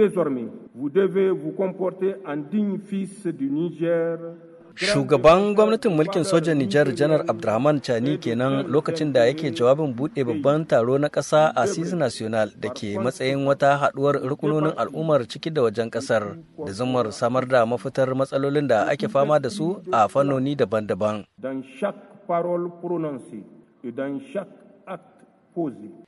Désormais, vous devez vous comporter en digne fils du Niger Shugaban gwamnatin mulkin sojan Nijar Janar Abdurrahman Chani kenan lokacin da yake jawabin buɗe babban taro na ƙasa a Sisi National da ke matsayin wata haɗuwar rukunonin al'ummar ciki da wajen ƙasar da zumar samar da mafitar matsalolin da ake fama da su a fannoni daban-daban. Dan chaque parole prononcée et dans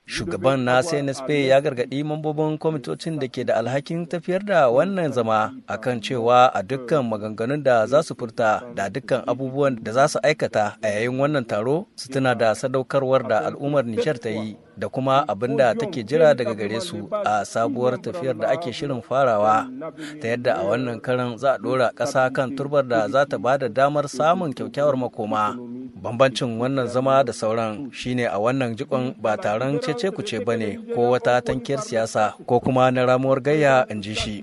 Shugaban na CNSP ya gargaɗi mambobin kwamitocin da ke da alhakin tafiyar da wannan zama a kan cewa a dukkan maganganun da za su furta da dukkan abubuwan da za su aikata a yayin wannan taro su tuna da sadaukarwar da al'ummar Nijar ta yi da kuma abin da take jira daga gare su a sabuwar tafiyar da ake shirin farawa ta yadda a wannan karan za a ɗora ƙasa kan turbar da za ta ba da damar samun kyakkyawar makoma bambancin wannan zama da sauran shine a wannan jikon ba taron cece kuce ba ne ko wata tankiyar siyasa ko kuma na ramuwar gayya in ji shi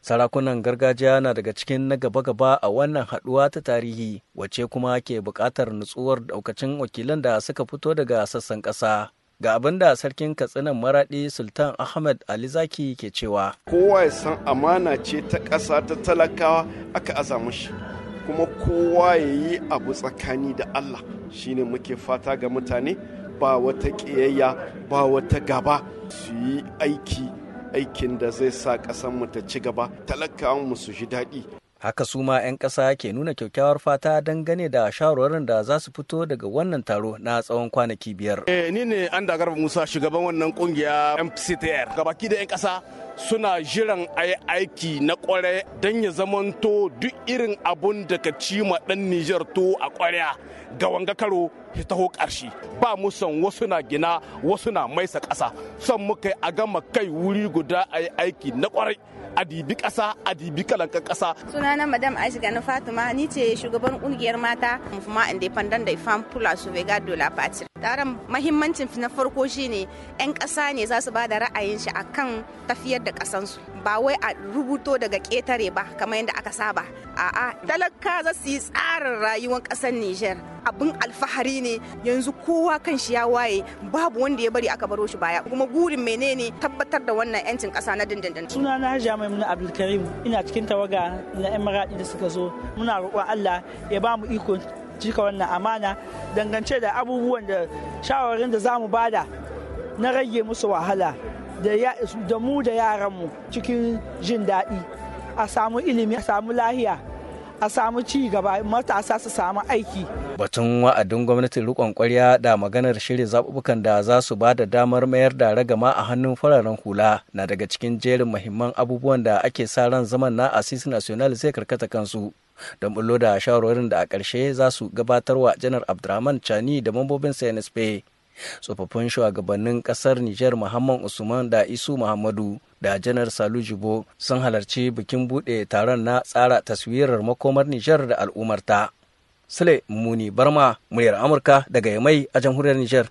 sarakunan gargajiya na daga cikin na gaba-gaba a wannan haɗuwa ta tarihi wacce kuma ke buƙatar nutsuwar daukacin wakilan da suka fito daga sassan ƙasa ga abin da sarkin katsinan maraɗi sultan ahmed ali zaki ke cewa kowa ya san amana ce ta ƙasa ta talakawa aka aza kuma kowa ya yi abu tsakani da Allah shine muke fata ga mutane ba wata ƙiyayya ba wata gaba su yi aiki aikin da zai sa ƙasanmu ta ci gaba mu su ji daɗi haka su ma 'yan ƙasa ke nuna kyakkyawar fata dangane da shawarwarin da za su fito daga wannan taro na tsawon kwanaki biyar. Eh, ni ne an da musa shugaban wannan kungiya mpctr gabaki da 'yan ƙasa suna jiran a yi aiki na kwarai don ya zamanto duk irin abun da ka ci ma ɗan Nijar to a kwarya ga wanga karo ya taho karshe ba mu son wasu na gina wasu na maisa ƙasa son kai a gama kai wuri guda a yi aiki na kwarai a dibi ƙasa a dibi kalankan ƙasa. sunana madam aisha na fatima ni ce shugaban ƙungiyar mata mufuma independent da ifan pula su vega dola fatir taron mahimmancin na farko shine 'yan ƙasa ne za su ba da ra'ayin shi akan tafiyar da da kasansu ba wai a rubuto daga ketare ba kamar yadda aka saba a'a talaka za su yi tsarin rayuwar ƙasar Nijar abin alfahari ne yanzu kowa kan shi ya waye babu wanda ya bari aka baro shi baya kuma gurin menene tabbatar da wannan yancin kasa na dindindin suna na Hajiya abu Abdulkarim ina cikin tawaga na Emirati da suka zo muna roƙon Allah ya ba mu iko cika wannan amana dangance da abubuwan da shawarin da za mu bada na rage musu wahala da mu da yaranmu cikin jin daɗi a samu ilimi a samu lahiya a samu ci gaba matasa su samu aiki. Batun wa'adin gwamnatin rikon kwarya da maganar shirin zaɓuɓɓukan da za su ba da damar mayar da ragama a hannun fararen hula na daga cikin jerin mahimman abubuwan da ake sa ran zaman na asisi national zai karkata kansu. Don bullo da shawarwarin da a ƙarshe za su gabatarwa janar Abdurrahman Chani da mambobin CNSP. tsofaffin shugabannin kasar Nijar Muhammad Usman da Isu Muhammadu da janar Salu Jibo sun halarci bikin buɗe taron na tsara taswirar makomar Nijar da al'ummarta. Sule Muni Barma, muryar Amurka daga Yamai a jamhuriyar Nijar.